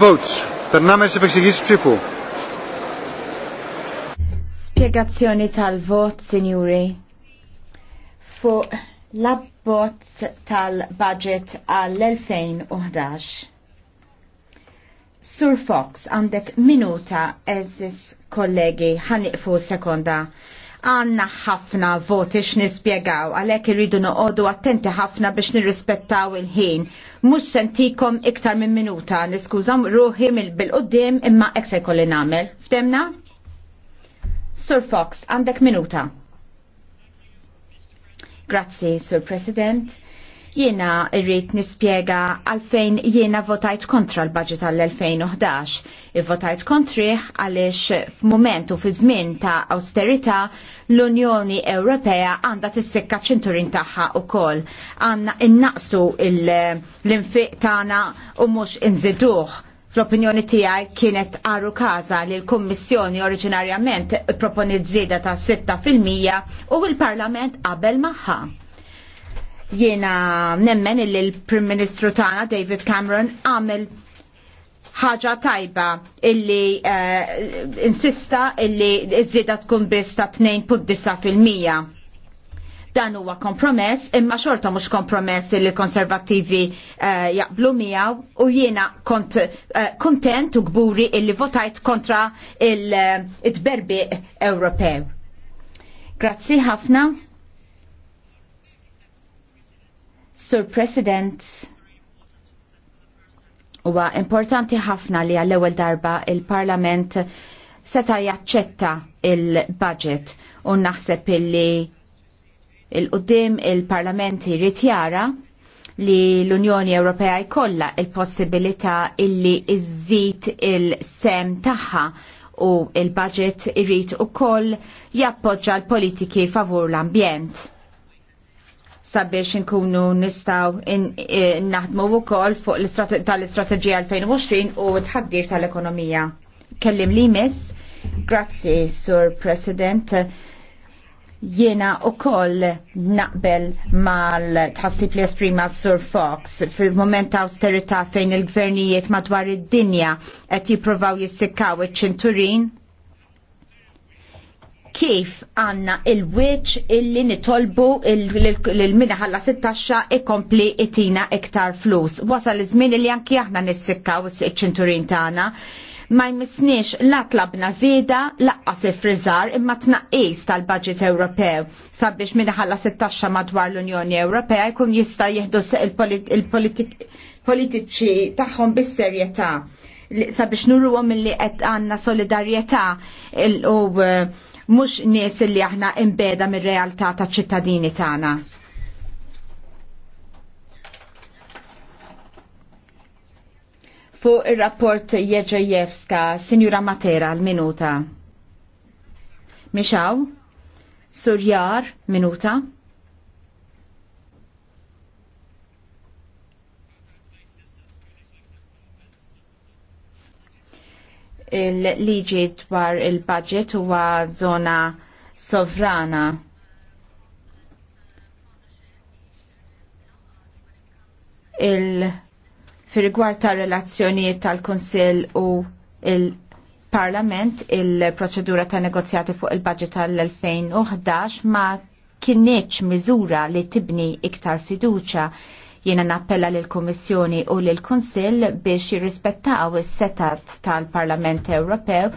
votes. Περνάμε στις επεξηγήσεις ψήφου. Spiegazzjoni tal-vot, signori. Fu l abbot tal-budget għall-2011. Sur Fox, għandek minuta eżis kollegi, ħaniqfu sekonda għanna ħafna voti x'nispjegaw għalhekk irridu noqogħdu attenti ħafna biex nirrispettaw il-ħin. Mhux sentikom iktar minn minuta, niskużam ruħi bil bilqudiem imma hekk se jkolli nagħmel. Ftemna? Sur Fox, għandek minuta. Grazzi, Sur President Jiena rrit nispjega għalfejn jiena votajt kontra l-budget għall-2011. Ivvotajt kontriħ għaliex f'mument u fi żmien ta' austerita l-Unjoni Ewropea għandha tissikka ċinturin tagħha wkoll. Għanna innaqsu l-infiq tagħna u mhux inżiduh fl-opinjoni tiegħi kienet għarru kaza li l-Kummissjoni oriġinarjament proponiet żieda ta' 6% u l-Parlament qabel magħha. Jiena nemmen illi l-Prim Ministru tagħna David Cameron għamel ħaġa tajba illi uh, insista illi iż-żieda tkun biss ta' 2.9 Dan huwa kompromess, imma xorta mhux kompromess li l-konservattivi uh, eh, jaqblu miegħu u jiena kont eh, kontent u gburi illi votajt kontra il-tberbiq Ewropew. Grazzi ħafna. Sur President, huwa importanti ħafna li għall-ewwel darba il-Parlament seta jaċċetta il-budget u naħseb illi il-qudiem il-Parlament jrid jara li l-Unjoni Ewropea jkollha il-possibilità illi iżżid il-sem tagħha u il-budget irid ukoll jappoġġa l-politiki favur l-ambjent sabiex nkunu nistaw eh, naħdmu wkoll fuq tal istrategija 2020 u tħaddir tal-ekonomija. Kellim li miss, grazzi Sur President. Jiena u kol naqbel mal-tħassib li esprima Sur Fox fil-moment ta' austerita fejn il-gvernijiet madwar id-dinja qed jiprovaw jissikkaw iċ-ċinturin kif għanna il-wiċ illi nitolbu il-mina ħalla 16 ikompli itina iktar flus. Wasal iż-żmien li anki aħna u s ċinturin tagħna ma jmissniex la tlabna zida laqqas il imma tnaqqis tal-budget Ewropew sabiex minħalla 16 madwar l-Unjoni Ewropea jkun jista jihdu il-politiċi tagħhom bis-serjetà sabiex nurruhom milli qed għandna solidarjetà u eh, mhux nies li aħna imbeda mir-realtà taċ ċittadini tagħna. Fuq ir-rapport Jeġejevska, Sinjura Matera l-minuta. Mixaw? Surjar, minuta. il-liġi dwar il-budget huwa zona sovrana. il firgwar ta' relazzjonijiet tal-Konsil u il-Parlament il-proċedura ta' negozjati fuq il-budget tal-2011 ma' kienieċ miżura li tibni iktar fiduċa Jiena nappella lil kummissjoni u lil kunsill biex jirrispettaw is-setat tal-Parlament Ewropew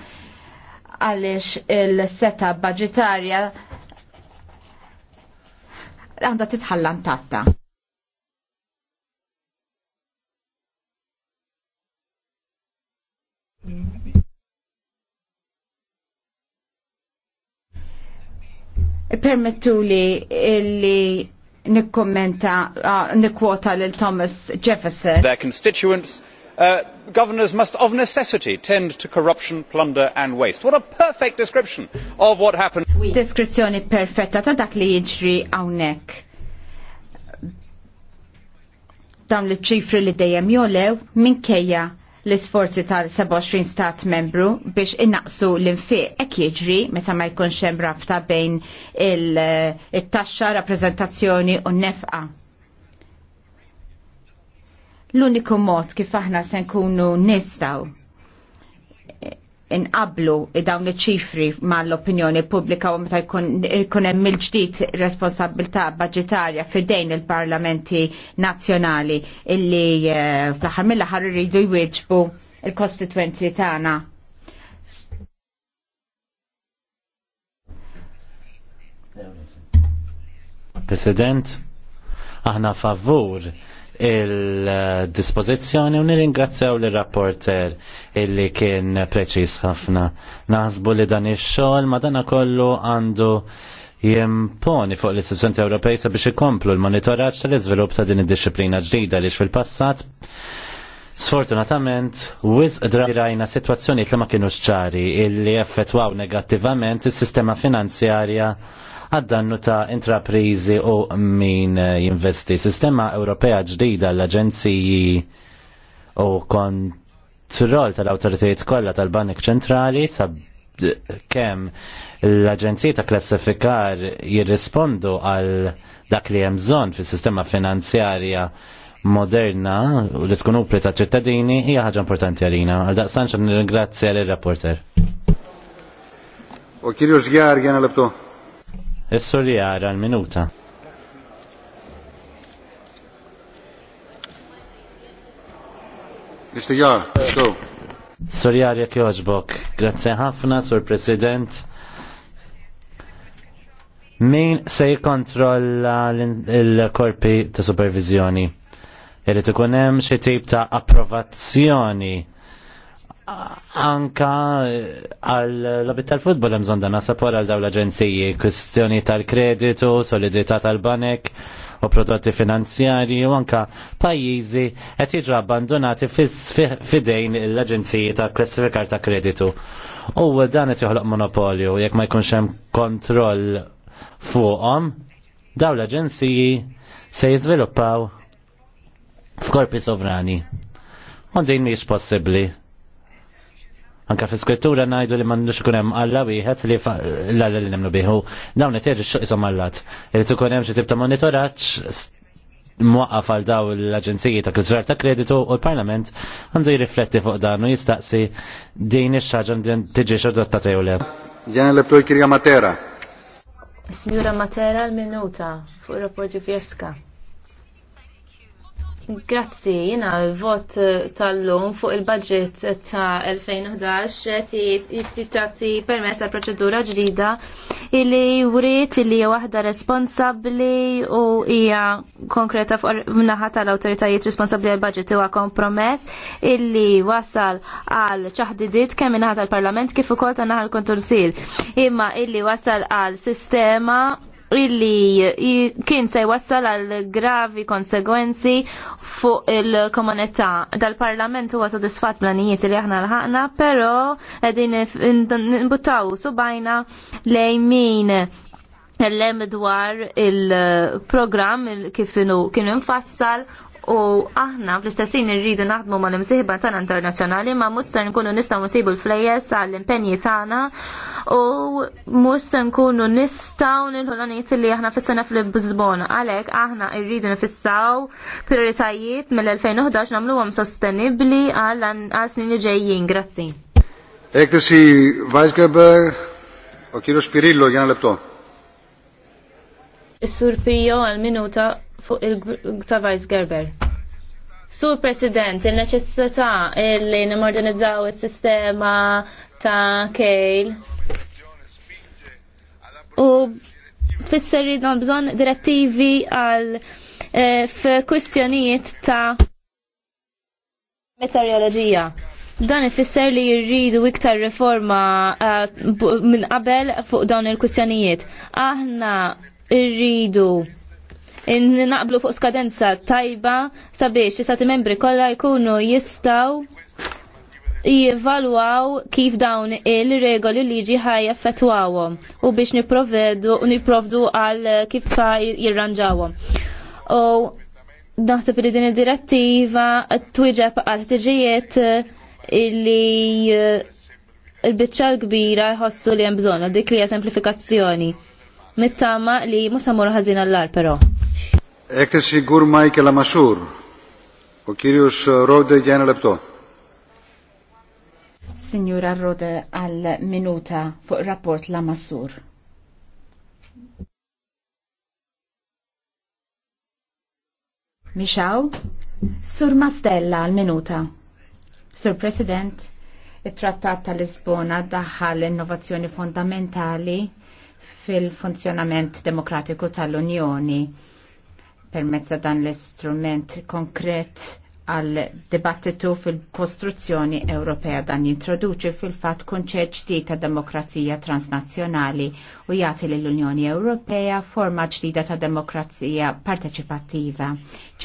għaliex il-seta budgetarja għandha titħallan tatta. Permettu li li nikkommenta nikkwota lil Thomas Jefferson. Their constituents uh, governors must of necessity tend to corruption, plunder and waste. What a perfect description of what happened. Deskrizzjoni perfetta ta' dak li jiġri hawnhekk. Dawn li ċifri li dejjem jolew minkejja l-isforzi tal-27 stat membru biex innaqsu l-infiq ek jiġri meta ma jkunx hemm rabta bejn il-taxxa, rappreżentazzjoni u nefqa. L-uniku mod kif aħna se nkunu nistgħu inqablu dawn iċ-ċifri mal-opinjoni pubblika u meta jkun hemm il-ġdid responsabilità budġetarja fidejn il-parlamenti nazzjonali illi eh, fl-aħħar mill-aħħar iridu jwieġbu il kostitwenti tagħna. President, aħna favur il-dispozizjoni u nirringrazzjaw l-rapporter illi kien preċis ħafna. Naħsbu li dan ix-xogħol ma dana kollu għandu jimponi fuq l istituzjoni Ewropej sabiex ikomplu l-monitoraġġ tal-iżvilupp ta' din id-disciplina ġdida li fil-passat Sfortunatament, wiz drajna situazzjoni li ma kienu ċari illi effettwaw negattivament is-sistema finanzjarja għaddannu dannu ta' intraprizi u min eh, jinvesti. Sistema Ewropea ġdida l-Aġenziji u kontroll tal-autoritajiet kollha tal banik Ċentrali sab kem l-Aġenziji ta' klassifikar jirrispondu għal dak li hemm bżonn fis-sistema finanzjarja moderna u li tkun upli ta' ċittadini hija ħaġa importanti għalina. Għal daqstanċa nirringrazzja l-rapporter. U kirjus Gjar, jena lebtu. Is-sur jara l-minuta. Mr. Yar, let's go. Sur Jar, jek joġbok. Grazie ħafna, sur President. Min se jikontrolla l-korpi ta' supervizjoni? Irrit ikun hemm xi tip ta' approvazzjoni anka eh, għal lobit tal-futbol hemm bżonn dan nasapor għal daw l-aġenziji, kwistjoni tal-kreditu, solidità tal-banek u prodotti finanzjari u anka pajjiżi qed jiġu abbandonati fidejn l-aġenziji ta' klassifikar ta' kreditu. U dan qed joħloq monopolju jekk ma jkunx hemm kontroll fuqhom, daw l-aġenziji se jiżviluppaw f'korpi sovrani. U din mhijiex possibbli Anka fi skrittura najdu li mandu ikun hemm alla wieħed li l għalla li nemlu biħu. Dawn qed xo isom allat. Irid ikun hemm xi tip monitoraġġ mwaqqaf għal daw l-Aġenziji ta' Kizrar ta' Kreditu u l-Parlament għandu jirrifletti fuq dan u jistaqsi din ix-xaġa din tiġi xordotta tew le. Jan lebtu jkirja Matera. Signora Matera l-minuta fuq rapporti rapport Grazzi, jina l-vot eh, tal-lum fuq il-budget ta' 2011 tati permess għal proċedura ġdida illi writ illi hija waħda responsabli u hija konkreta fuq naħa tal-autoritajiet responsabli għal budget huwa kompromess illi wasal għal ċaħdidiet kemm naħa tal-Parlament kif ukoll ta' naħa l-Kontursil imma illi wasal għal sistema illi kien se jwassal għal gravi konsegwenzi fuq il-komunità. Dal-parlament huwa sodisfat planijiet li aħna l-ħakna, pero qegħdin nbuttaw subajna lejn min kellem dwar il-programm kif kienu infassal u aħna fl-istessin irridu naħdmu ma' l-imsiħba tana internazjonali ma' musser nkunu nistaw nsibu l-flejes għall-impenji tana u musser nkunu nistaw nil-ħolaniet li aħna fissana fl buzbon għalek aħna irridu nifissaw prioritajiet mill-2011 namlu għam sostenibli għal-snin ġejjin. Grazzi. Ektesi Weisgerberg, ο kiro Spirillo, għana lepto. Is-sur għal-minuta fuq il-ta' Vice Gerber. Sur President, il-neċessità li nimorganizzaw il-sistema ta' kejl u fisser jidna bżon direttivi għal eh, f'kwistjonijiet ta' meteoroloġija. Dan ifisser li jirridu iktar reforma eh, minn qabel fuq dawn il-kwistjonijiet. Aħna irridu in naqblu fuq skadenza tajba sabiex jisati membri kollha jkunu jistaw jivalwaw kif dawn il-regoli li liġi ħaj u biex niprovedu u niprovdu għal kif jirranġawom. U naħseb li din id-direttiva t-twiġab għal ħtiġijiet li eh, il-bicċa l-kbira jħossu li hemm bżonn dik li hija semplifikazzjoni. Mittama li musa mor ħażin għall-ar però. Έκθεση Γκουρμάη και Λαμασούρ. Ο κύριος Ρόντε Signora Rode għal minuta fuq rapport la Massur. Mixaw, Sur Mastella għal minuta. Sur President, it-trattat tal-Lisbona daħħal innovazzjoni fondamentali fil-funzjonament demokratiku tal-Unjoni permezz ta' dan l-istrument konkret għal dibattitu fil-kostruzzjoni Ewropea dan jintroduċi fil-fat konċeġ ġdid ta' demokrazija transnazzjonali u jagħti lill unjoni Ewropea forma ġdida ta' demokrazija parteċipattiva.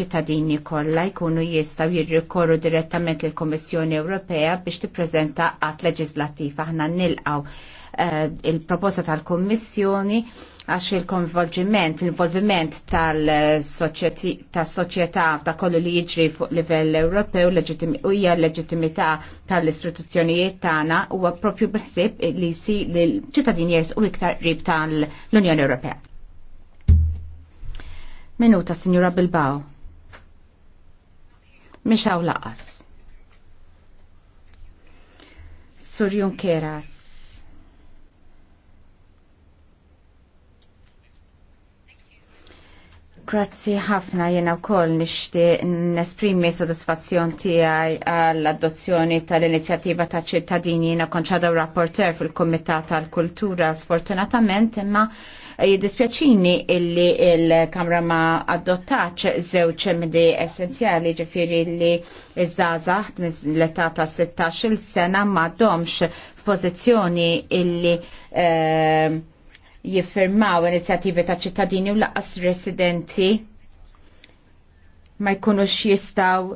Ċittadini kollha jkunu jistgħu jirrikorru direttament lill kummissjoni Ewropea biex tippreżenta għat leġislattiv aħna nilqgħu Eh, il-proposta tal-Kommissjoni għax il-konvolġiment, l-involviment tal-soċjetà ta' kollu li jiġri fuq livell Ewropew u hija l-leġittimità tal-istituzzjonijiet tagħna huwa proprju bħsib li si l-ċittadini u iktar qrib tal-Unjoni Ewropea. Minuta, Signora Bilbao. Mishaw laqas. Sur Junkeras Grazzi ħafna jena u koll nishti nesprimi soddisfazzjon tijaj għall-adozzjoni tal-inizjativa ta' ċittadini jena konċadaw rapporter fil-Komitat tal-Kultura sfortunatament imma jiddispjaċini illi il-Kamra ma adottaċ zewċ midi essenzjali ġifiri li iż-żazax l-età ta' 16 il-sena ma domx f'pożizzjoni illi eh, jiffirmaw inizjattivi ta' ċittadini u laqas residenti ma jkunux jistaw uh,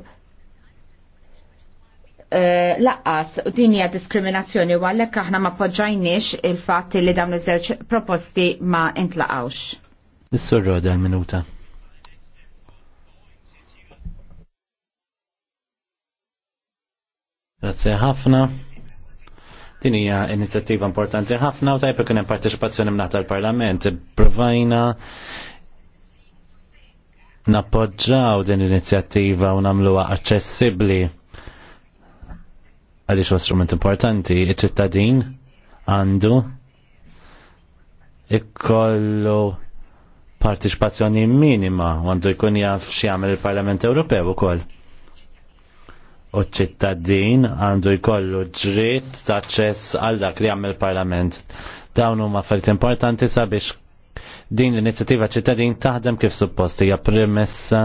laqas u din hija diskriminazzjoni u għalhekk aħna ma poġġajniex il-fatt li dawn iż-żewġ proposti ma intlaqawx. Is-sur Roda minuta. Grazie ħafna. Din hija inizjattiva importanti ħafna u tajb ikun hemm partecipazzjoni mnaħta l-Parlament. Provajna nappoġġaw din l-inizjattiva u nagħmluha aċċessibbli għaliex huwa strument importanti, iċ-ċittadin għandu ikollu partiċipazzjoni minima għandu jkun jaf x'jagħmel jagħmel il-Parlament Ewropew ukoll u ċittadin għandu jkollu ġrit ta' ċess għal dak li għamil parlament. Dawn huma affarijiet importanti sabiex din l-inizjattiva ċittadin taħdem kif suppost hija premessa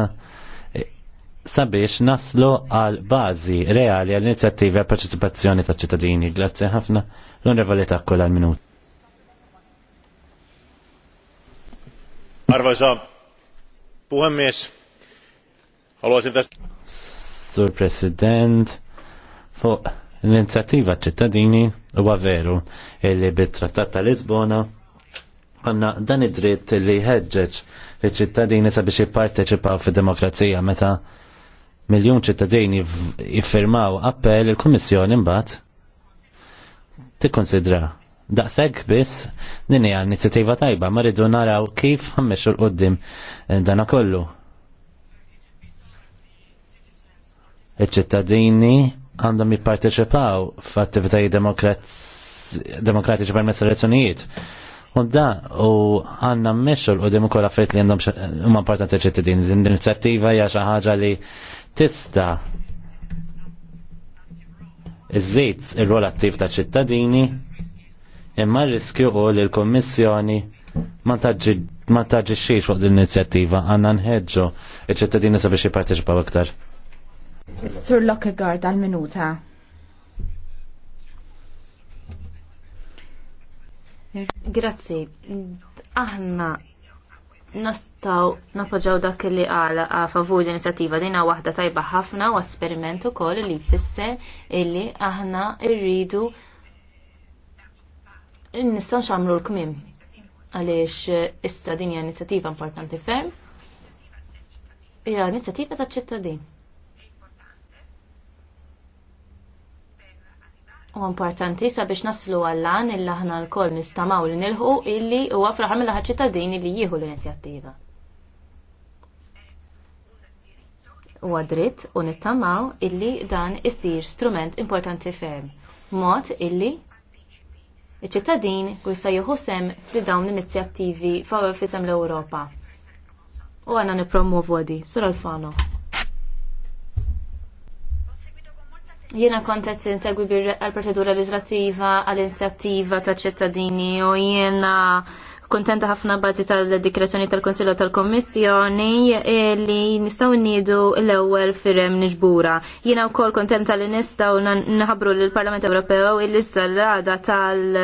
sabiex naslu għal bażi reali għal inizjattivi għal parċipazzjoni ta' ċittadini. Grazzi ħafna l-onorevoli ta' kull minut. Arvoisa puhemies, haluaisin tästä Sur President, fuq l-inizjattiva ċittadini huwa veru li bit-Trattat ta' Lisbona għanna dan id-dritt li ħeġġeġ li ċittadini sabiex jipparteċipaw fi demokrazija meta miljon ċittadini jiffirmaw appell il-Kummissjoni mbagħad tikkonsidra daqseg biss din hija inizjattiva tajba ma rridu naraw kif ħammexxu l-qoddim eh, dana kollu. Iċ-ċittadini għandhom jipparteċipaw f'attivitajiet demokratiċi permezz elezzjonijiet. U da u għanna mmexxu l-qudiem ukoll affarijiet li għandhom huma importanti ċittadini. Din l-inizjattiva hija xi ħaġa li tista' iżżid ir-rol attiv ta' ċittadini imma r-riskju u li l-Kommissjoni ma taġġixxiex fuq din l-inizjattiva għandna nħeġġu iċ-ċittadini sabiex jipparteċipaw aktar. Sur Lockegaard għal minuta. Grazzi. Aħna nastaw napoġaw dak li għala favur l-inizjattiva dina waħda tajba ħafna u esperiment ukoll li jfisser illi aħna rridu nistgħu nxamlu l-kmim għaliex issa din hija inizjattiva importanti ferm. Ja, inizjattiva taċ-ċittadin. u importanti sabiex naslu għallan illi aħna l-koll nistamaw li nilħu illi u għafraħam l ċittadini li jieħu l-inizjattiva. U għadrit u nittamaw illi dan issir strument importanti ferm, mod illi iċ-ċittadin il jista' jieħu sem fli dawn l-inizjattivi fisem l-Ewropa. U għanna nipromovu għadi, sur Alfano. Jiena kontet insegwi għal-procedura leġislattiva għal-inizjattiva ta' ċittadini u jiena kontenta ħafna bazi tal-dikrazzjoni tal konsilla tal-Kommissjoni li nistaw nidu l-ewwel firem niġbura. Jiena wkoll kontenta li nistaw naħabru l-Parlament Ewropew il-issa l-għada tal-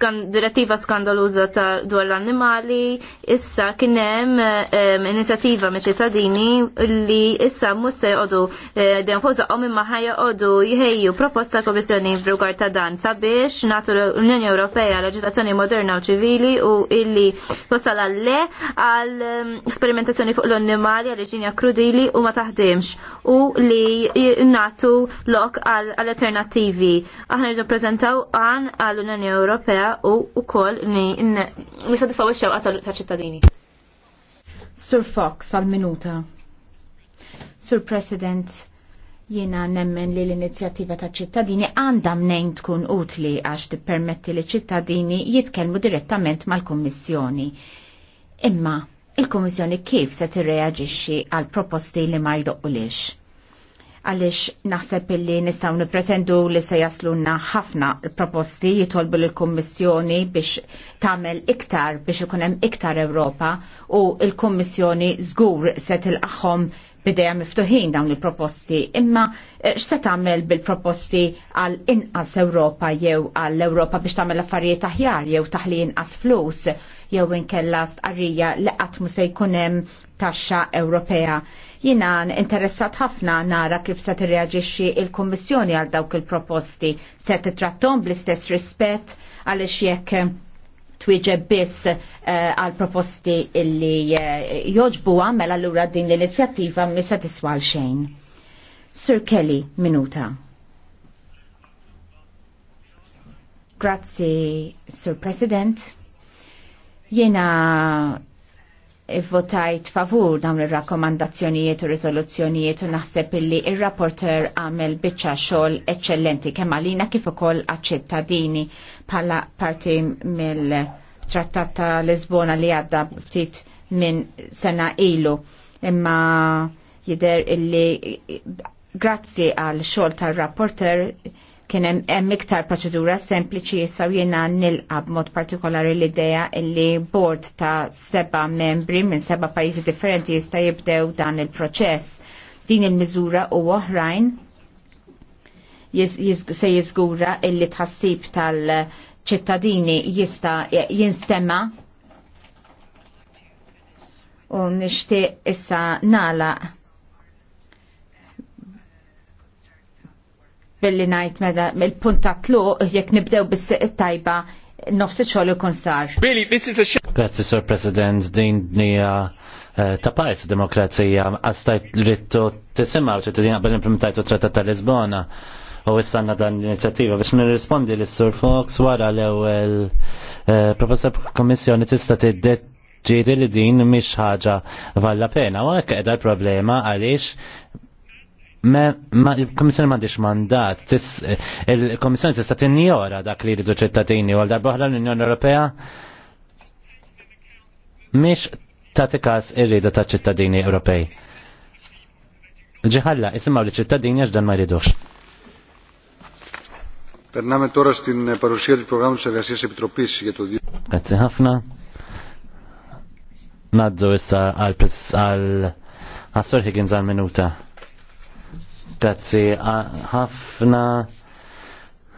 skan, direttiva skandaluza ta' dwar l-annimali, issa kienem um, inizjativa me ċittadini li issa musse jodu eh, den fuza għom imma ħajja jodu jħejju proposta komissjoni brugar ta' dan sabiex natu l-Unjoni Ewropea leġislazzjoni moderna u ċivili u illi wasal Alle għal sperimentazzjoni fuq l-annimali għal ġinja krudili u ma taħdimx u li natu lok għal alternativi. Aħna rridu prezentaw għan għall-Unjoni Ewropea u u wkoll nisadisfaw ix-xewqa ta' ċittadini. Sir Fox għal minuta. Sir President, jiena nemmen li l-inizjattiva ta' ċittadini għandha mnejn tkun utli għax tippermetti li ċittadini jitkellmu direttament mal-Kummissjoni. Imma, il-Kummissjoni kif se tirreaġixxi għal proposti li ma jdoqqulix? għalix naħseb illi nistaw nipretendu li se jaslunna ħafna proposti jitolbu l-Kommissjoni biex tamel iktar biex ikunem iktar Ewropa u l-Kommissjoni zgur se tilqaħħom bideja miftuħin dawn il-proposti imma eh, x'se tagħmel bil-proposti għal inqas Ewropa jew għal Ewropa biex tagħmel affarijiet aħjar jew taħli inqas flus jew inkella stqarrija li qatt mu se jkun hemm taxxa Ewropea Jina interessat ħafna nara kif se tirreagixxi il-Kummissjoni għal dawk il-proposti se titratthom bl-istess rispett għaliex jekk twieġeb biss eh, għal proposti illi eh, joġbu l mela allura din l-inizjattiva mi se tiswal xejn. Sir Kelly, minuta. Grazzi, Sir President. Jena votajt favur dawn ir-rakkomandazzjonijiet u riżoluzzjonijiet u naħseb illi ir-rapporter għamel biċċa xogħol eċċellenti kemm għalina kif ukoll għaċ-ċittadini bħala parti mill-Trattat ta' Lisbona li għadda ftit minn sena ilu. Imma jidher illi grazzi għal xogħol tar-rapporter kien hemm iktar proċedura sempliċi issa jiena nilqa b'mod partikolari l-idea li bord ta' seba' membri minn seba' pajjiżi differenti jista' jibdew dan il-proċess. Din il-miżura u oħrajn se jiżgura illi tħassib tal-ċittadini jista' jinstema' u nishtiq issa nala billi najt meda mill-punta tluq jekk nibdew bis-seq tajba nofsi xogħol ikun sar. Really, this is a Grazzi, Sir President, din nija eh, ta' parti demokrazija għastaj rittu tisimaw ċittadin għabel implementajtu trattat ta' Lisbona u issanna dan l-inizjattiva biex nirrispondi l sur Fox wara l-ewel eh, proposta kommissjoni tista' tiddet li din mhix ħaġa valla pena u hekk qiegħda l-problema għaliex ma il-Komissjoni m'għandix mandat, eh, il-Komissjoni tista' ora dak li jridu ċittadini għal darba oħra l-Unjoni Ewropea mhix tagħti każ ir-rieda ta' ċittadini Ewropej. Ġiħalla, isimgħu li ċittadini għax dan ma jridux. Περνάμε τώρα στην παρουσία di προγράμματος εργασίας επιτροπής για Grazie ħafna. Naddu issa għal Assur Higgins għal minuta. Grazzi ħafna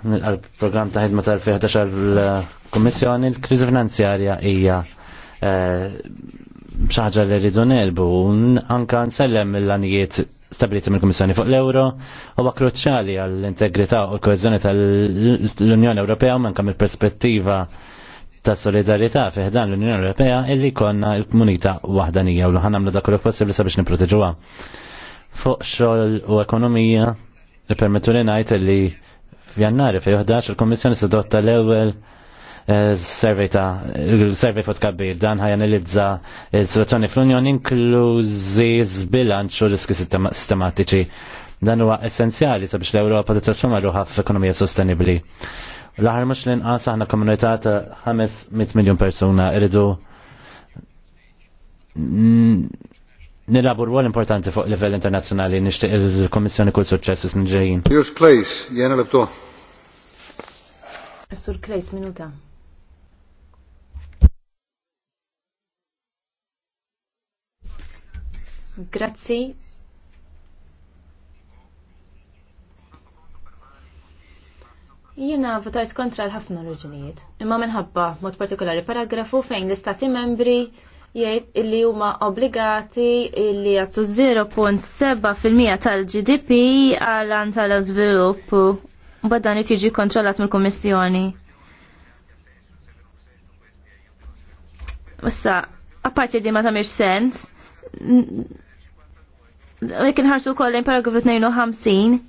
għal-program ta' ħidma tal-2011 l-Kommissjoni l-kriżi finanzjarja hija eh, xaħġa li rridu nelbu anka nsellem l-anijiet stabiliti mill kommissjoni fuq l-euro huwa kruċjali għall-integrità u l-koeżjoni tal-Unjoni Ewropea u manka mill-perspettiva ta' solidarità fi ħdan l-Unjoni Ewropea illi konna l-komunità waħdanija u l-ħanamlu dak l-possibli sabiex nipproteġuha fuq xogħol u ekonomija li permettu li ngħid li f'Jannar fi 11 il-Kummissjoni sedotta l-ewwel eh, survey ta' survey fuq tkabbir dan ħajanalizza s-situazzjoni fl-Unjoni inklużi żbilanċ u riski sistematiċi. Dan huwa essenzjali sabiex l-Ewropa titrasforma ruħha f'ekonomija sostenibbli. L-aħħar mhux l-inqas aħna komunità ta' 500 miljun persuna irridu nilabu rwol importanti fuq livell internazzjonali nixtieq il-Kommissjoni kull suċċess is ġejjin. Jus Klejs, jena l-ibtu. Sur Klejs, minuta. Grazzi. Jiena votajt kontra l-ħafna l-ġinijiet, imma minħabba mod partikolari paragrafu fejn l-istati membri jgħid illi huma obbligati illi jagħtu 0.7% tal-GDP għal an tal-iżvilupp u dan tiġi kontrollat mill-Kummissjoni. Issa, apparti di ma tamiex sens, jek nħarsu koll lejn paragrafu 52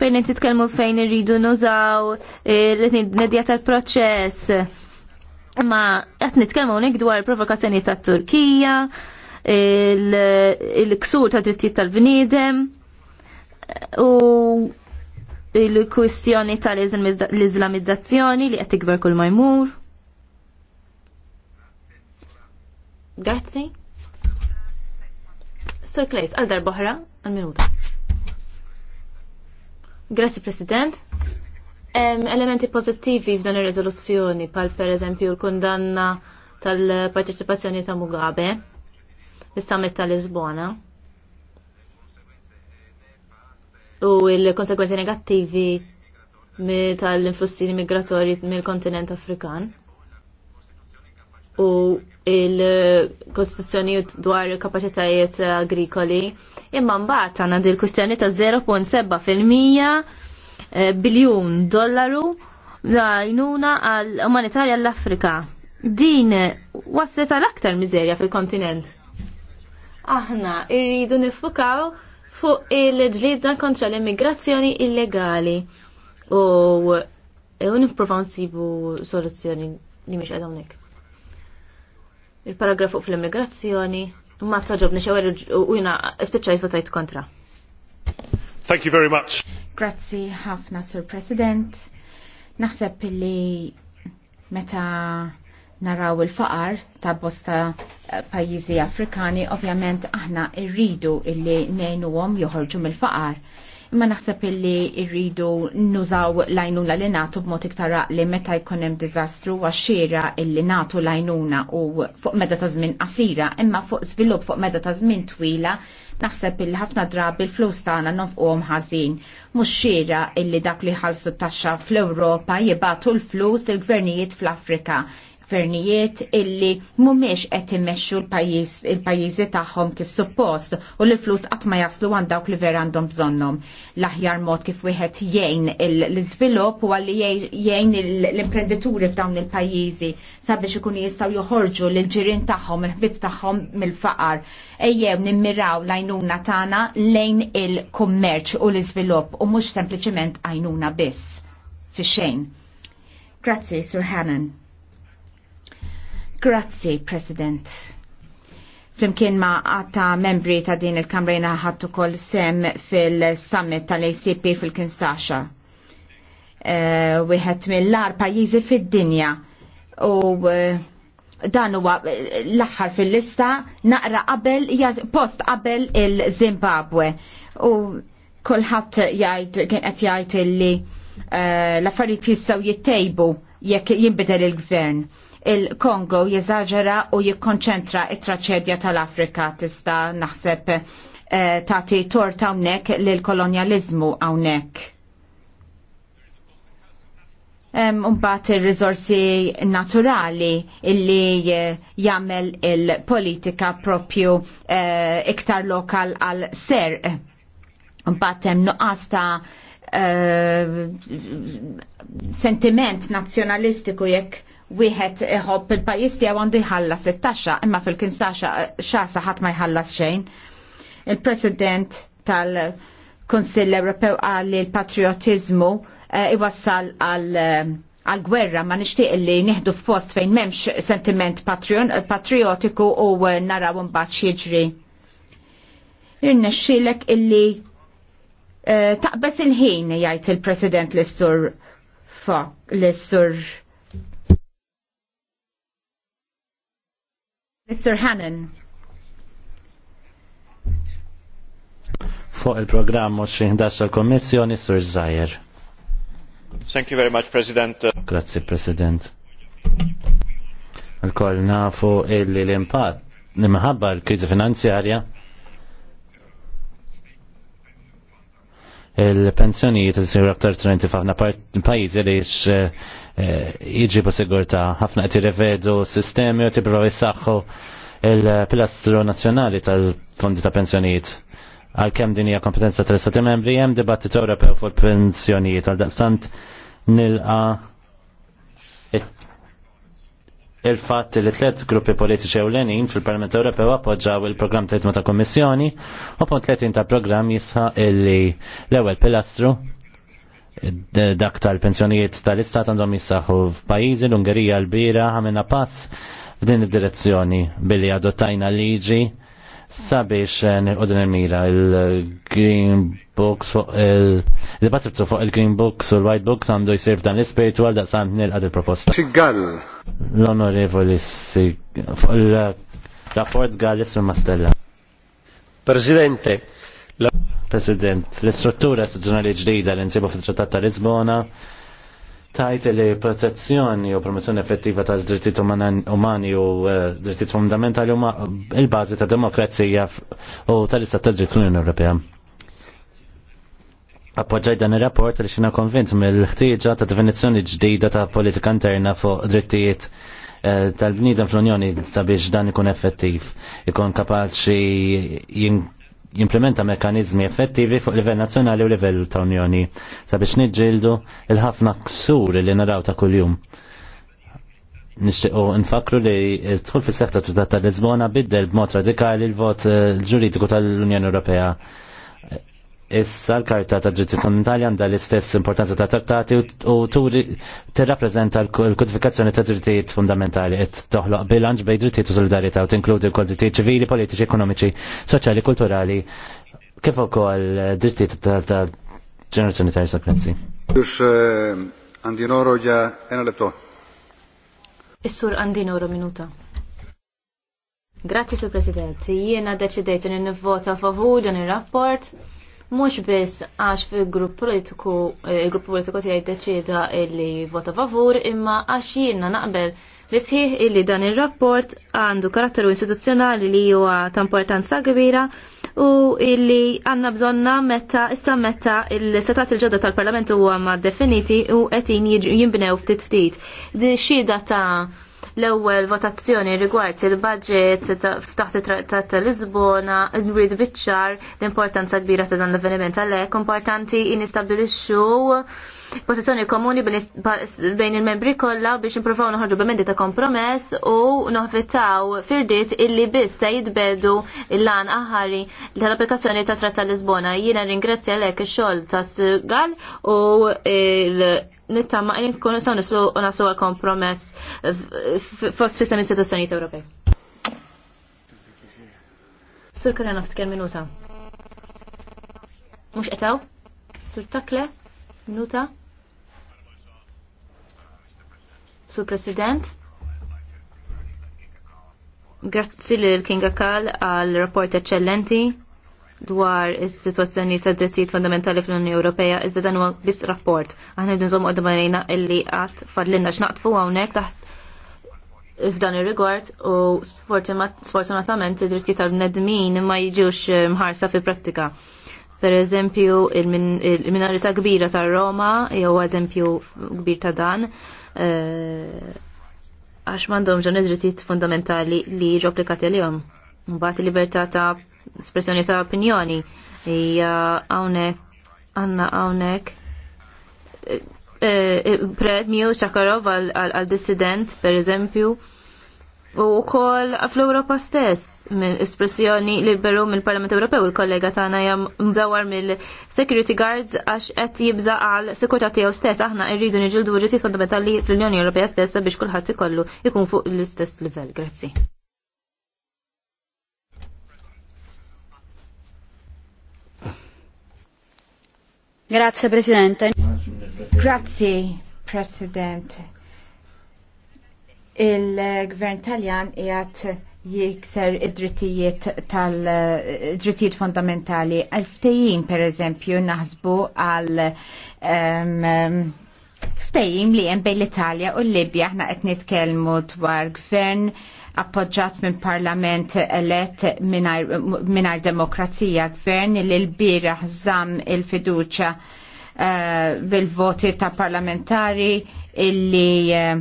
fejn inti tkellmu fejn irridu nużaw eh, l-nedja tal-proċess Ma qed nitkellmu hawnhekk dwar provokazzjoni tat Turkija, il-ksur ta' drittijiet tal-bniedem u il-kwistjoni tal iżlamizzazzjoni li qed tikber kull ma jmur. Grazzi. Sir Klejs, għal darbohra, għal minuta. Grazzi, President elementi pozittivi f'dan ir-riżoluzzjoni pal per eżempju l-kundanna tal-parteċipazzjoni ta' Mugabe fis-summit tal-Lisbona u l-konsekwenzi negattivi tal-influssi migratorji mill-kontinent Afrikan u il kostituzzjoni dwar il-kapacitajiet agrikoli imma mbagħad għandna l kwistjoni ta' 0.7 fil-mija Eh, biljun dollaru għajnuna għal umanitarja l-Afrika. Din waslet għal aktar miżerja fil-kontinent. Aħna irridu nifukaw fuq il-ġlida kontra l-immigrazzjoni illegali u e, niprofaw nsibu soluzzjoni li miex għadawnek. Il-paragrafu fl-immigrazzjoni ma taġobni xewer u jina speċajt votajt kontra. Thank you very much. Grazzi ħafna, Sir President. Naħseb li meta naraw il-faqar ta' bosta eh, pajjiżi Afrikani, ovvjament aħna irridu illi nejnu għom joħorġu mill-faqar ma naħseb illi irridu nużaw lajnuna li natu b'mod iktar li meta jkun hemm diżastru għaxxiera illi natu lajnuna u fuq meda ta' żmien qasira imma fuq żvilupp fuq meda ta' żmien twila naħseb illi ħafna drabi l-flus tagħna nofquhom ħażin. Mhux xiera illi dak li ħalsu taxxa fl-Ewropa jibatu l-flus il-gvernijiet fl-Afrika fernijiet illi mumiex qed immexxu l-pajjiżi tagħhom kif suppost u l-flus qatt ma jaslu għand dawk li vera għandhom bżonnhom. L-aħjar mod kif wieħed jgħin l-iżvilupp u għalli jgħin l-imprenditturi f'dawn il-pajjiżi sabiex ikunu jistgħu joħorġu lil ġirien tagħhom, il-ħbib tagħhom mill-faqar. Ejjew nimmiraw l-għajnuna tagħna lejn il-kummerċ u l-iżvilupp u mhux sempliċement għajnuna biss fix-xejn. Grazzi, Sir Hannan. Grazzi, President. Flimkien ma' għata membri ta' din il-Kamra ħattu kol sem fil-summit tal-ACP fil-Kinsaxa. Uh, eh, Wieħed mill ar pajjiżi fid-dinja u uh, dan huwa l-aħħar fil-lista naqra qabel post qabel il-Zimbabwe u kulħadd jgħid kien qed jgħid illi uh, l-affarijiet jistgħu jittejbu jekk jinbidel il-gvern il-Kongo jeżaġera u jikkonċentra it-traċedja tal-Afrika tista naħseb eh, tati tort hawnhekk l-kolonializmu hawnhekk. Umbat il-rizorsi naturali illi eh, jagħmel il-politika propju eh, iktar lokal għal ser. Umbat hemm nuqqas ta' eh, sentiment nazzjonalistiku jekk wieħed iħobb il-pajjiż tiegħu għandu jħallas it-taxxa, imma fil-kinsaxa xasa ħadd ma jħallas xejn. Il-President tal-Kunsill Ewropew qal li l patriotiżmu eh, iwassal għal eh, għal-gwerra ma nixtieq li nieħdu f'post fejn m'hemmx sentiment patriotiku u eh, naraw imbagħad jiġri. Irnexxielek illi taqbes il-ħin jgħid il-President l-Sur Fok, l-Sur Mr. Hannan. Fuq il-programm 2011 kommissjoni Sur Zajer. Thank you very much, President. Grazie, President. Alkoll nafu illi l-impatt li maħabba l-krizi finanzjarja il-pensjonijiet jisir aktar trenti f'ħafna pajjiżi li eh, eh, jiġibu sigurta ħafna qed jirrevedu sistemi u tibru jsaħħu il-pilastru nazzjonali tal-fondi ta' pensjonijiet għal din hija kompetenza tal-Istati Membri hemm dibattit Ewropew fuq il-pensjonijiet għal daqstant nilqa il-fatt li tliet gruppi politiċi ewlenin fil-Parlament Ewropew appoġġaw il-programm ta' ta' kommissjoni u punt 30 ta' programm jisħaq illi l-ewwel pilastru dak tal-pensjonijiet tal-istat għandhom jissaħu f'pajjiżi l-Ungerija l-bira għamilna pass f'din id-direzzjoni billi adottajna liġi sabiex eh, nirqodin il-mira il-Green Books il-dibattit fuq il-Green Books u l-White Books għandu jisir f'dan l da' sant nil qad il-proposta. Sigal! L-onorevoli fuq il-rapport għal jisir Mastella. Presidente. President, l-istruttura istituzzjonali ġdida li nsibu fil-Trattat ta' Lisbona tajt li protezzjoni u promozzjoni effettiva tal-drittijiet umani u eh, drittijiet fundamentali huma il-bażi ta' demokrazija u tal-istat tad dritt l-Unjoni Ewropea. Appoġġaj dan ir-rapport li xina konvint mill-ħtieġa ta' definizzjoni ġdida ta' politika interna fuq drittijiet eh, tal-bnidem fl-Unjoni sabiex dan ikun effettiv, ikun kapaċi jimplementa mekanizmi effettivi fuq livell nazzjonali u livell ta' Unjoni sabiex niġġieldu il-ħafna ksur li naraw ta' kuljum. Nixtiequ nfakru li t-dħul fis-seħta Trattat ta' Lisbona biddel b'mod radikali l-vot eh, ġuridiku tal-Unjoni Ewropea issa l-Karta ta' Dritti Fundamentali għandha l-istess importanza ta' trattati u turi tirrappreżenta l-kodifikazzjoni ta' drittijiet fundamentali qed toħloq bilanċ bej dritti u solidarieta u tinkludi l drittijiet ċivili, politiċi, ekonomiċi, soċjali, kulturali kif ukoll drittijiet ta' ġenerazzjoni ta' aristokrazzi. Jux għandinoro eh, ġa ena lebto. Is-sur għandinoro minuta. Grazzi, Sur President. Jiena deċidejt li nivvota favur dan ir rapport mhux biss għax fil-grupp politiku il-grupp politiku tiegħi deċida illi vota favur imma għax jiena naqbel sħiħ illi dan ir-rapport għandu karatteru istituzzjonali li huwa ta' importanza kbira u illi għanna bżonna meta issa meta il-setat il-ġodda tal-Parlament huwa ma' definiti u qed jinbnew ftit ftit. Di xida ta' l-ewwel votazzjoni rigward il-budget taħt it-Trattat Lisbona nrid biċċar l-importanza kbira ta' dan l-avveniment għalhekk importanti inistabbilixxu pożizzjoni komuni bejn il-membri kollha biex nippruvaw noħorġu b'emendi ta' kompromess u noħvitaw firdiet illi biss se jitbedu l-lan aħari tal-applikazzjoni ta' Trattat Lisbona. Jiena ringrazzja lek ix-xogħol ta' Sgal u nittama nkunu saw nislu nasu kompromess fost fissa minn istituzzjonijiet Ewropej. Sur kalla nafs kell minuta. Mux etaw? Tur takle? Minuta? Sur President. Grazzi lil Kinga Kall għal rapport eccellenti dwar is-sitwazzjoni ta' drittijiet fundamentali fl-Unjoni Ewropea iżda dan huwa biss rapport. Aħna qed nżommu qudiem għalina illi qatt fadlilna x'naqtfu hawnhekk taħt f'dan ir-rigward u sfortunatament id drittijiet tal-bnedmin ma jiġux mħarsa fil-prattika. Per eżempju, il-minorità il kbira ta' Roma, jew eżempju kbir ta' dan, eh, għax e, mandom ġan id-drittijiet fundamentali li ġo applikati għal-jom. Mbagħad il-libertà ta' espressjoni ta' opinjoni hija hawnhekk għandna hawnhekk e, e, pred Shakarov għal dissident per eżempju u kol fl-Europa stess minn espressjoni li berru mill-Parlament Ewropew il-kollega tagħna jam mdawar mill-Security Guards għax qed jibża għal sekurtà tiegħu stess aħna rridu niġildu ġittijiet fundamentali fl-Unjoni Ewropea stessa biex kulħadd ikollu jkun fuq l-istess livell. Grazzi. Grazie Presidente. Grazie Presidente il-gvern taljan jgħat jikser id-drittijiet tal-drittijiet fondamentali. għal ftejim per eżempju, naħsbu għal ftejim li hemm bej l-Italja u l-Libja aħna qed nitkellmu dwar gvern appoġġat minn parlament elett mingħajr demokrazija gvern li l bira żamm il-fiduċja eh, bil-voti ta' parlamentari illi eh,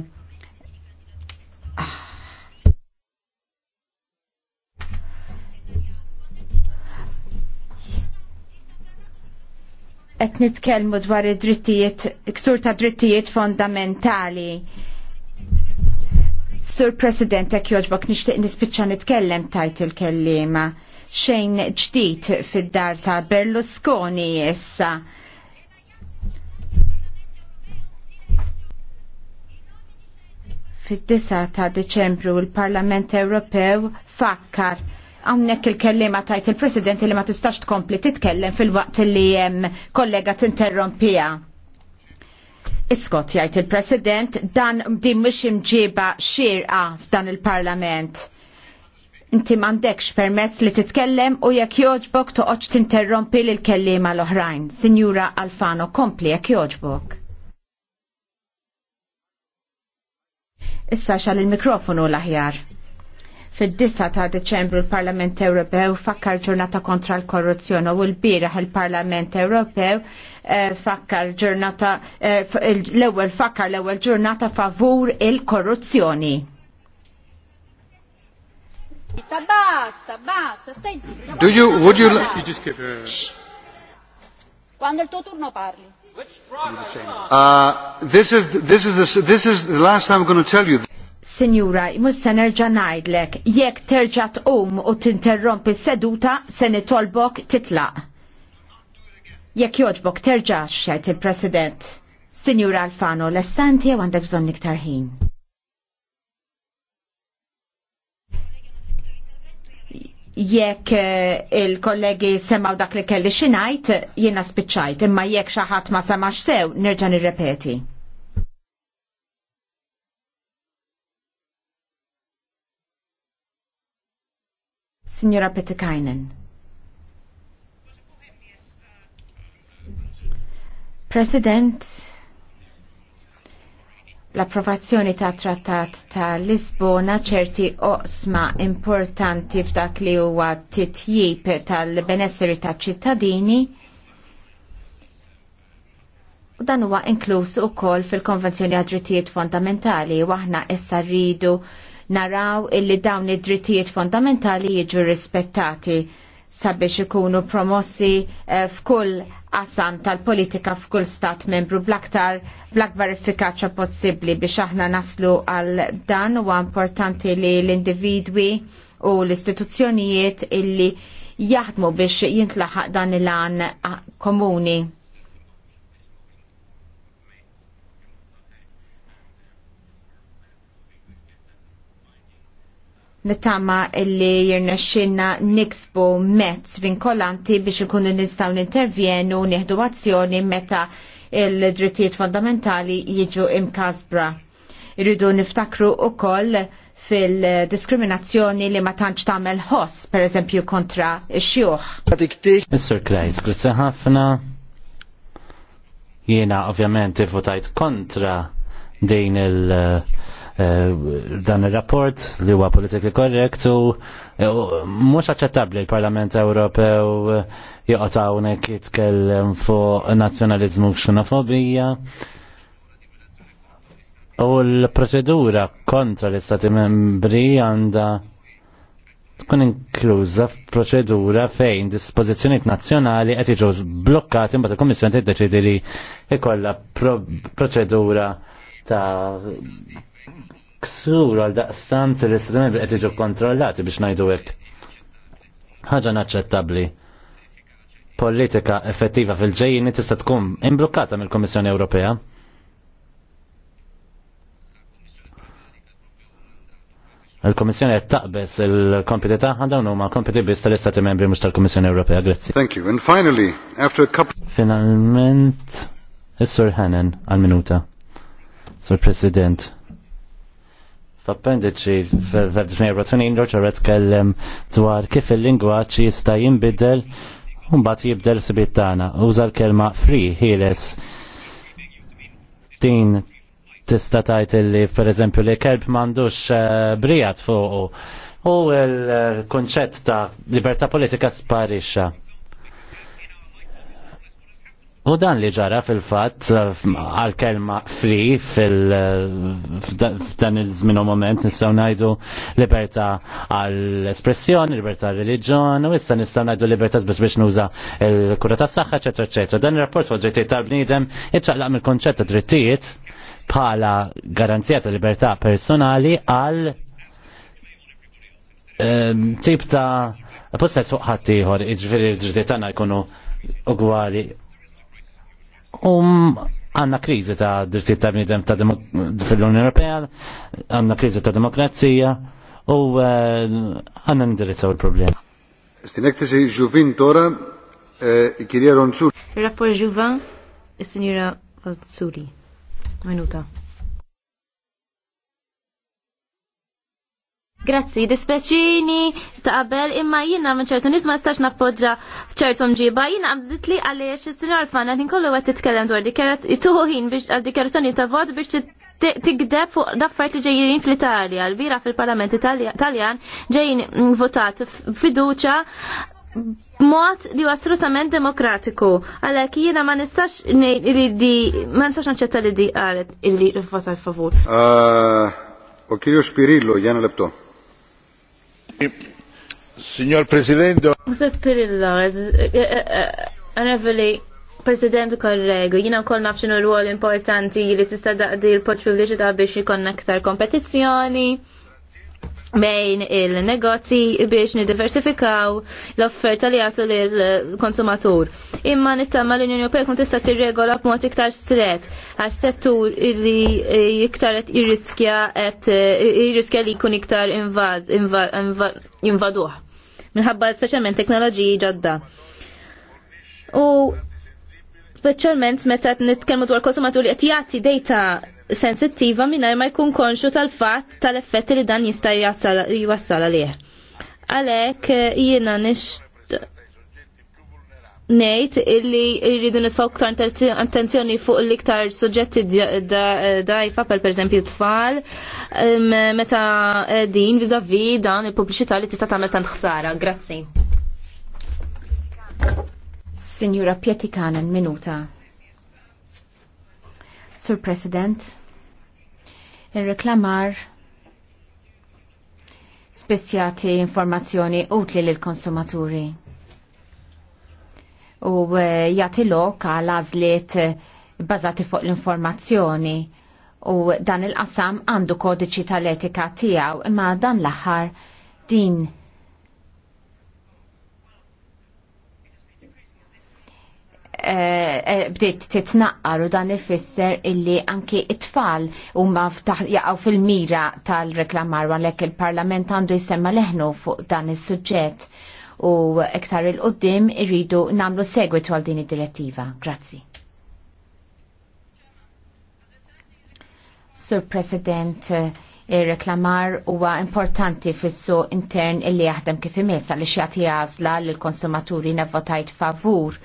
qed nitkellmu dwar id-drittijiet, iksur ta' drittijiet fondamentali. Sur President, jekk jogħġbok nixtieq nispiċċa nitkellem tajt il-kellima. Xejn ġdid fid-dar ta' Berlusconi issa Fid-9 ta' Deċembru il-Parlament Ewropew fakkar għamnek il-kellima tajt il-President li ma tistax tkompli titkellem fil-waqt li jem kollega tinterrompija. Iskot jgħid il-President dan din mhux imġiba xirqa f'dan il-Parlament. Inti m'għandekx permess li titkellem u jekk jogħġbok toqgħodx tinterrompi l kellima l-oħrajn. Sinjura Alfano, kompli jekk jogħġbok. Issa xal il-mikrofonu l-aħjar. Fid-9 ta' Deċembru l-Parlament Ewropew fakkar ġurnata kontra l-korruzzjoni u l birax il-Parlament Ewropew eh, fakkar ġurnata eh, l-ewwel fakkar l-ewwel ġurnata favur il-korruzzjoni. Do you, would you You just keep... Uh, Quando il tuo turno parli. Uh, Signora, imus Sinjura, mhux se nerġa' ngħidlek, jekk terġa' tqum u tinterrompi s-seduta se nitolbok titlaq. Jekk jogħġbok terġa' xed il-President. Signora Alfano, l-estanti għandek bżonn iktar ħin. jekk eh, il-kollegi semmaw dak li kelli xinajt, jiena spiċċajt, imma jekk xi ħadd ma semax sew, nerġa' nirrepeti. Signora Petikainen. President, l-approvazzjoni ta' trattat ta' Lisbona ċerti oqsma importanti f'dak li huwa titjib tal-benesseri ta' ċittadini u dan huwa inkluż ukoll fil-Konvenzjoni għad drittijiet fondamentali u aħna issa rridu naraw illi dawn id-drittijiet fondamentali jiġu rispettati sabiex ikunu promossi eh, f'kull qasam tal-politika f'kull stat membru bl-aktar bl-akbar effikaċa possibbli biex aħna naslu għal dan huwa importanti li l-individwi u l-istituzzjonijiet illi jaħdmu biex jintlaħaq dan il-għan komuni. nittama illi jirnexxinna niksbu mezz vinkolanti biex ikunu nistgħu nintervjenu nieħdu azzjoni meta il-drittijiet fondamentali jiġu imkasbra. Irridu niftakru koll fil-diskriminazzjoni li ma tantx tagħmel ħoss, pereżempju kontra x-xjuħ. Mr. Kreis, grazzi ħafna. Jiena ovvjament votajt kontra din il- uh, Eh, dan il-rapport li huwa politiki korrekt eh, u mhux aċċettabbli l-Parlament Ewropew eh, joqgħod hawnhekk jitkellem fuq nazzjonaliżmu u xenofobija. U l-proċedura kontra l-Istati membri għandha tkun inkluża f'proċedura fejn dispożizzjonijiet nazzjonali qed jiġu blokkati imbagħad il-Kummissjoni tiddeċidi li ikollha proċedura ta' ksur għal daqstant l-istudenti qed jiġu kontrollati biex ngħidu hekk. Ħaġa naċċettabbli. Politika effettiva fil-ġejjini tista' tkun imblukkata mill-Kummissjoni Ewropea. Il-Komissjoni qed taqbeż il-kompiti tagħha dawn huma kompiti biss tal-Istati Membri mhux tal-Kummissjoni Ewropea. Grazzi. Thank you. And finally, after a couple Finalment is-Sur Hannan għal-minuta. Sur President f'appendiċi f'Verġmija Roger tkellem dwar kif il-lingwaġġ jista' jinbidel u mbagħad jibdel sibiet tagħna. Uża l-kelma free ħieles. Din tista' tajt li pereżempju li kelb m'għandux eh, brijat fuq u l-konċett ta' libertà politika sparixxa. U dan li ġara fil-fat għal-kelma fri fil-dan il-żmien u moment nistgħu ngħidu libertà għall-espressjoni, libertà reliġjon, u issa nistgħu ngħidu libertà biss biex nuża l-kura tas-saħħa, eċetera, eċetera. Dan ir-rapport fuq drittijiet tal-bniedem iċċaqlaq mill-konċett ta' drittijiet bħala garanzija ta' libertà personali għal ehm, tip ta' possessu ħadd ieħor, d-drittijiet tagħna jkunu ugwali Um, għanna krizi ta' drittijiet ta' bnidem ta' fil-Unjoni Ewropea, għanna krizi ta' demokrazija u eh, għanna nindirizzaw il-problema. Stinek tisi ġuvin tora kirjer onzur. Rapport ġuvan, Signora sinjura Minuta. Grazzi, dispeċini ta' qabel imma jina minn ċertu nisma stax nappoġġa ċertu mġiba jina għamżit li għaliex il-sinjor Fanna din kollu t titkellem dwar dikjarat ituħin biex għal dikjarazzjoni ta' vot biex tikdeb fuq daffajt li ġejjin fl-Italja. L-bira fil-Parlament Italjan ġejjin votat fiduċa mod li assolutament demokratiku. Għalek jiena ma nistax li di, ma nistax naċċetta li di għalet illi il favur. U uh, kirjo Spirillo, jena lepto. Signor Presidente. Mr. Pirillo, għaneveli eh, eh, eh, President kollegu, jina kol nafxinu l-għol importanti li tista daqdi l-poċ privileġi ta' biex jikonna aktar kompetizjoni bejn il-negozji biex nidiversifikaw l-offerta li għatu l-konsumatur. Imma nittama l-Unjoni Ewropea kun tista' tirregola b'mod iktar stret għax settur li iktar qed jirriskja qed jirriskja li jkun iktar invaduh. Minħabba speċjalment teknoloġiji ġodda. U speċjalment meta nitkellmu dwar konsumatur li qed jagħti data sensittiva minnaj ma jkun konxu tal-fat tal-effetti li dan jista' jwassala għalih. Għalek eh, jiena nix nejt illi jridu nitfaw ktar attenzjoni fuq l-iktar suġġetti dajfa per perżempju tfal meta eh, din vizavi dan il-pubbliċità li tista' tagħmel tant ħsara. Grazzi. Signora Pietikanen, minuta. Sur President, ir-reklamar spezzjati informazzjoni utli lil konsumaturi u eh, jagħti lok għal għażliet bbażati eh, fuq l-informazzjoni u dan il-qasam għandu kodiċi tal-etika tiegħu imma dan l-aħħar din Eh, eh, bdiet titnaqqar u dan ifisser illi anki it-tfal huma jaqgħu fil-mira tal-reklamar għalhekk il-Parlament għandu jsemma leħnu fuq dan is-suġġett u iktar il-qoddim irridu nagħmlu segwitu għal din id-direttiva. Grazzi. Sur President, eh, ir-reklamar huwa importanti fissu intern illi jaħdem kif imessa li xjati għażla lill konsumaturi nevvotajt favur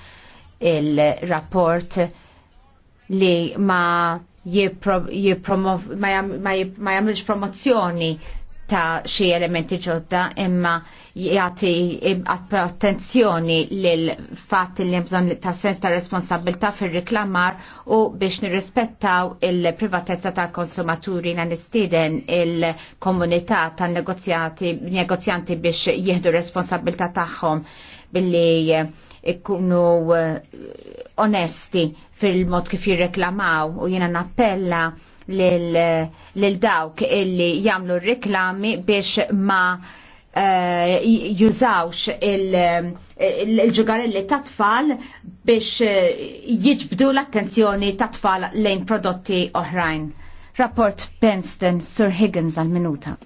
il-rapport li ma ma jagħmlux promozzjoni ta' xi elementi ġodda imma jagħti attenzjoni lil fatt li bżonn ta' sens ta' responsabilità fir-riklamar u biex nirrispettaw il-privatezza tal konsumaturi na nistieden il-komunità tan negozjati negozjanti biex jieħdu responsabilità tagħhom billi eh, ikkunu eh, onesti fil-mod kif jirreklamaw u jiena nappella lil eh, dawk illi jagħmlu r-reklami biex ma jużawx il-ġugarelli ta' tfal biex jiġbdu l-attenzjoni ta' tfal lejn prodotti oħrajn. Rapport Benston, Sir Higgins għal-minuta.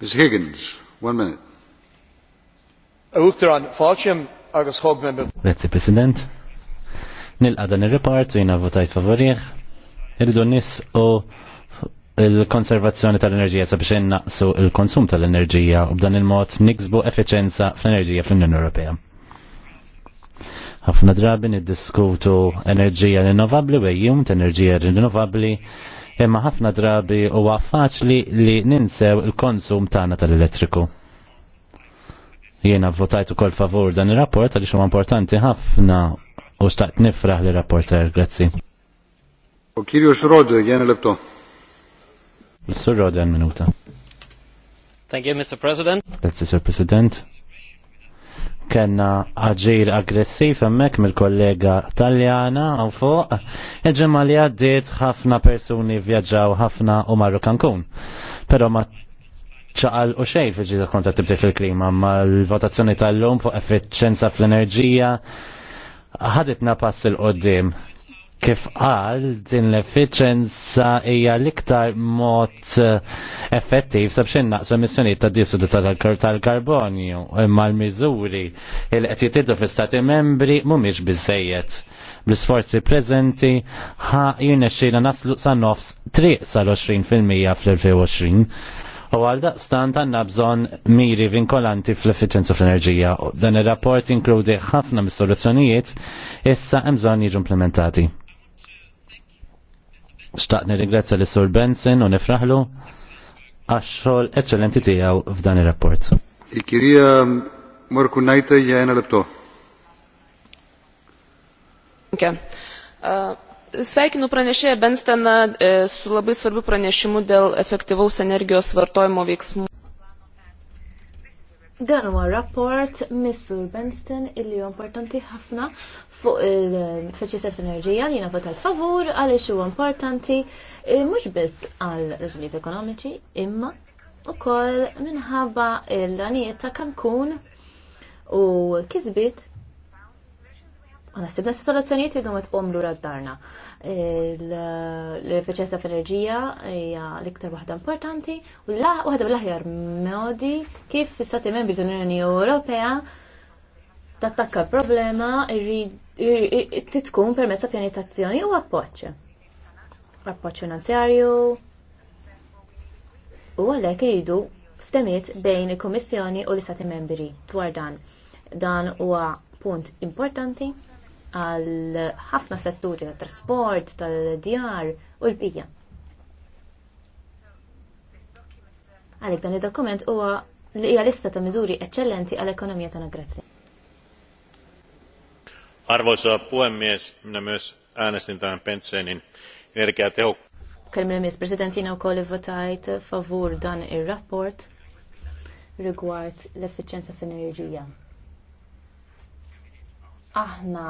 Ms. Higgins, one minute. Uktran faċim Grazie, President. Nilqa dan il-report u jina votajt favorieħ. Irridu nis u il-konservazzjoni tal-enerġija sabiex innaqsu il-konsum tal-enerġija u b'dan il-mod niksbu effiċenza fl-enerġija fl-Unjoni Ewropea ħafna drabi niddiskutu enerġija rinnovabli wejjum t-enerġija rinnovabli imma ħafna drabi huwa faċli li ninsew il-konsum tagħna tal-elettriku. Jiena votajtu kol favor dan il-rapport għaliex huwa importanti ħafna u staqt nifraħ li rapporter, grazzi. U kirju xrodu, jena lebto. Mr. Rodan minuta. Thank you, Mr. President. Grazzi, Sir President. Kenna aġir aggressiv emmek mill-kollega Taljana għaw fuq, il-ġemma li għaddiet ħafna persuni vjaġġaw ħafna u marru kankun. Pero ma ċaqal u xejn fiġi da kontra tibdil fil-klima, ma l-votazzjoni tal-lum fuq effiċenza fl-enerġija ħadetna pass il-qoddim. Kif qal, din l-effiċenza hija l-iktar mod effettiv sabx naqsu emissjonijiet ta' dioxidu tal-karbonju imma l-miżuri li qed jitiddu fl-Stati membri mhumiex biżejjed bl-sforzi preżenti ħa jirnexxina naslu sa nofs triq sal-20% fl-2020. U għal daqstan tanna bżon miri vinkolanti fl-efficienza fl-enerġija. Dan il-rapport inkludi ħafna mis-soluzzjonijiet issa hemm jiġu implementati. Xtaqni ringrazzja li sur Benson u nifraħlu għax-xogħol eċċellenti tiegħu f'dan ir-rapport. Ikirija Marku Najta jgħajna l-ibto. Sveikinu pranešėją Bensteną e, su labai svarbiu pranešimu dėl efektyvaus energijos vartojimo veiksmų. Dan huwa rapport Mr. Benston illi huwa importanti ħafna fuq il-feċisat f'enerġija li jiena votat favur għaliex huwa importanti e, mhux biss għal raġunijiet ekonomiċi imma wkoll minħabba l-għanijiet ta' Cancun u kisbit Għana stibna s jgħu ma t-pomlu darna l-efficienza f'enerġija hija l-iktar waħda importanti u waħda mill-aħjar modi kif is-Stati Membri tal-Unjoni Ewropea tattakka problema titkun permezz ta' pjanitazzjoni u appoġġ. Appoġġ finanzjarju u għalhekk iridu ftemiet bejn il-Kummissjoni u l-Istati Membri dwar dan. Dan huwa punt importanti għal ħafna setturi tat trasport, tal-djar u l-bija. Għalik dan id-dokument huwa li hija lista ta' miżuri eċċellenti għall ekonomija ta' grazzi. Arvoisa puhemies, minä myös äänestin tämän Pentsenin energiatehokkuus kelmina mis presidentina u koll votajt favur dan il-rapport rigward l-efficienza f'enerġija. Aħna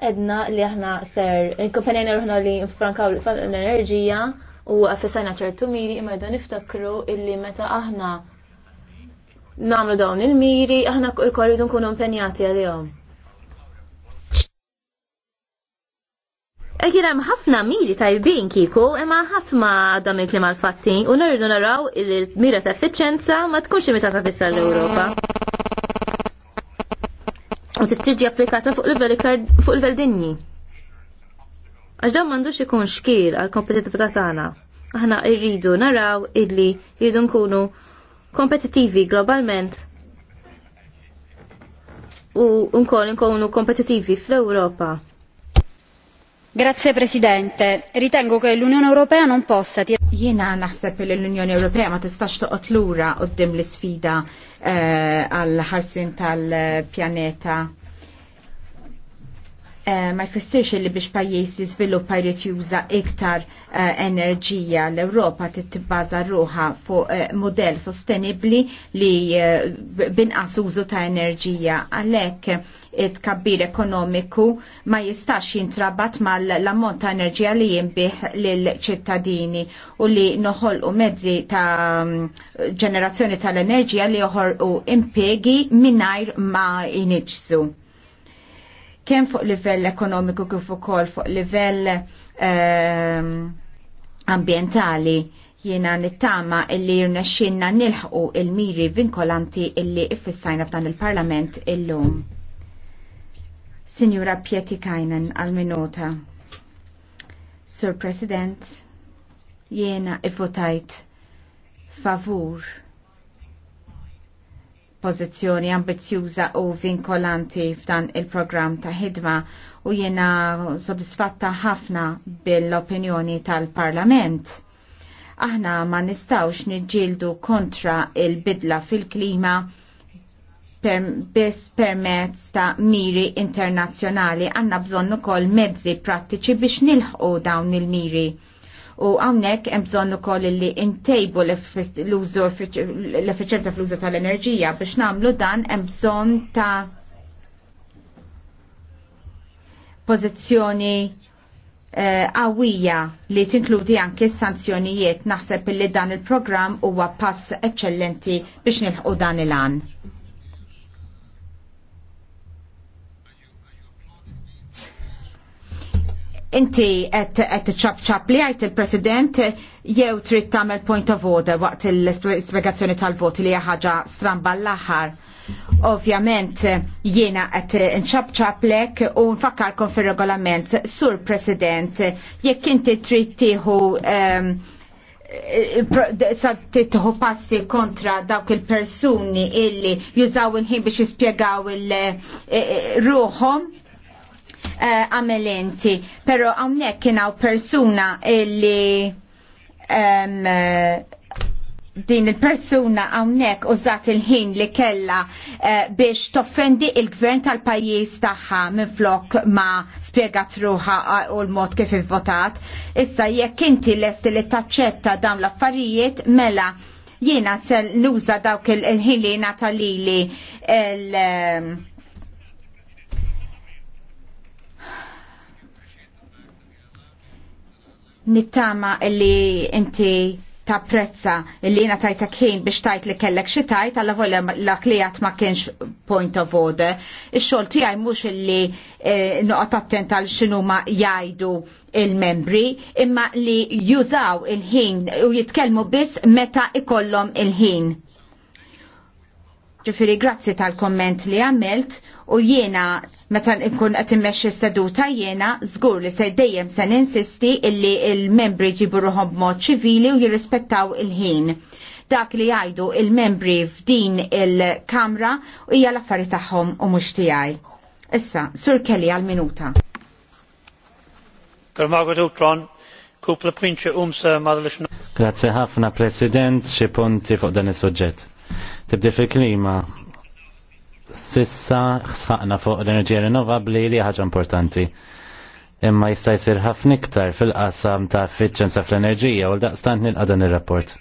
edna li aħna ser, kompanjajna ruħna li nfrankaw l-enerġija u għafessajna ċertu miri imma jdu niftakru illi meta aħna namlu dawn il-miri, aħna il-korridu nkunu impenjati għal-jom. Ekkin hemm ħafna miri tajbin kiku, imma ħadd ma dam il-klim għal-fatti u nirridu naraw il-mira ta' effiċenza ma tkunx imitata fissa l-Ewropa u tiġi applikata fuq il-vel dinji. Għax dawn m'għandux ikun xkil għal kompetitività tagħna. Aħna rridu naraw illi rridu nkunu kompetittivi globalment u nkoll nkunu kompetitivi fl-Ewropa. Grazie Presidente, ritengo che l'Unione Europea non possa Jiena naħseb li l-Unjoni Ewropea ma tistax toqgħod lura qudiem l-isfida Eh, għal ħarsin tal-pjaneta Eh, ma jfissirx li biex pajjiż jiżviluppa jrid juża iktar eh, enerġija l-Ewropa titbaża ruha fuq eh, modell sostenibbli li binqas użu ta' enerġija għalhekk it-kabbir ekonomiku ma jistax jintrabat mal-ammont ta' enerġija li jimbih lill-ċittadini u li noħolqu mezzi ta' mm, ġenerazzjoni tal-enerġija li joħorqu impiegi mingħajr ma jinġsu kemm fuq livell ekonomiku kif ukoll fuq livell um, ambientali jiena nittama illi jirnexxinna nilħqu il-miri vinkolanti illi iffissajna f'dan il-Parlament illum. Sinjura Pieti Kajnen għal-minuta. Sur President, jiena ivvotajt favur pożizzjoni ambizjuża u vinkolanti f'dan il-programm ta' ħidma u jiena sodisfatta ħafna bil-opinjoni tal-Parlament. Aħna ma nistawx nġildu kontra il-bidla fil-klima per, biss permezz ta' miri internazzjonali għanna bżonnu kol mezzi prattiċi biex nilħqu dawn il-miri u għawnek jemżon u koll li intejbu l-efficienza fl-użu tal-enerġija biex namlu dan jemżon ta' pozizjoni għawija eh, li tinkludi anke sanzjonijiet naħseb li dan il-programm huwa pass eccellenti biex nilħu dan il-għan. Inti qed ċab li għajt il-President jew trid tagħmel point of order waqt l-ispjegazzjoni tal-voti li hija ħaġa stramba l-aħħar. Ovvjament jiena qed nċabċab lek u nfakkarkom fir-regolament sur President jekk inti trid tieħu um, passi kontra dawk il-persuni illi jużaw il-ħin biex jispjegaw il-ruħom eh, eh, Eh, amelenti, Pero għawnek kienaw persuna illi eh, din il-persuna għawnek użat il-ħin li kella eh, biex toffendi il-gvern tal-pajis taħħa minn flok ma spiegat ruħa u l-mod kif votat. Issa jekk inti lest li taċċetta dawn l-affarijiet mela jiena sel nuża dawk il-ħin li natalili il- nittama li inti ta' prezza illi jina tajta kien biex tajt li kellek xi tajt għalla volja la klijat ma kienx point of order. Ix-xogħol tiegħi mhux illi eh, noqgħod attent għal x'inhu ma jgħidu il-membri imma li jużaw il-ħin u jitkellmu biss meta ikollhom il-ħin. Ġifiri, grazzi tal-komment li għamilt u jiena meta nkun qed immexxi s-seduta jiena żgur li se dejjem se ninsisti illi il-membri jġibu ruhom b'mod ċivili u jirrispettaw il-ħin. Dak li jgħidu il-membri f'din il-kamra hija l-affari tagħhom u mhux tiegħi. Issa, Sur Kelly għal-minuta. Grazie ħafna President, xi punti fuq dan is-suġġett. Tibdi fil-klima, sissa sħaqna fuq l-enerġija rinnovabli li ħaġa importanti. Imma jista' jsir ħafna iktar fil-qasam ta' effiċjenza fl-enerġija u l-daqstant nilqa' dan ir-rapport.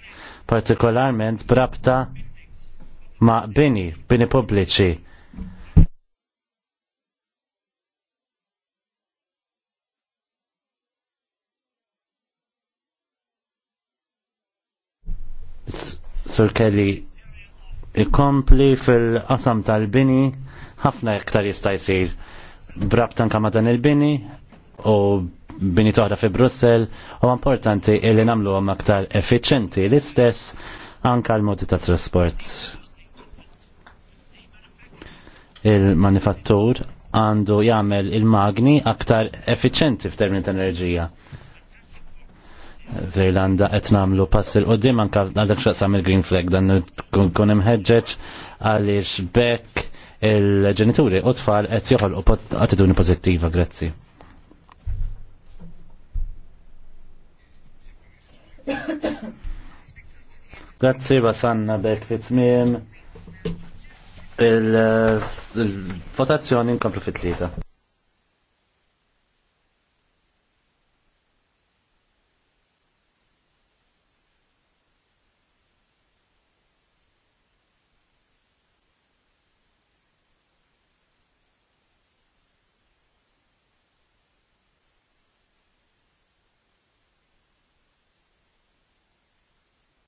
Partikolarment brabta ma' bini, bini pubbliċi. Sur Kelly, ikompli fil-qasam tal-bini ħafna iktar jista' jsir brabtan kama dan il-bini u bini toħra fi Brussel u importanti illi namlu għam aktar effiċenti l-istess anka l-modi ta' trasport. Il-manifattur għandu jagħmel il-magni aktar effiċenti f'termini ta' enerġija. Verlanda qed nagħmlu pass il qudiem anke għandek xaqsam il-green flag dan kun ħeġġeġ għaliex bekk il-ġenituri u tfal qed joħolqu attitudni pożittiva, grazzi. Grazzi basanna bekk fit-tmiem il-votazzjoni nkomplu fit-tlieta.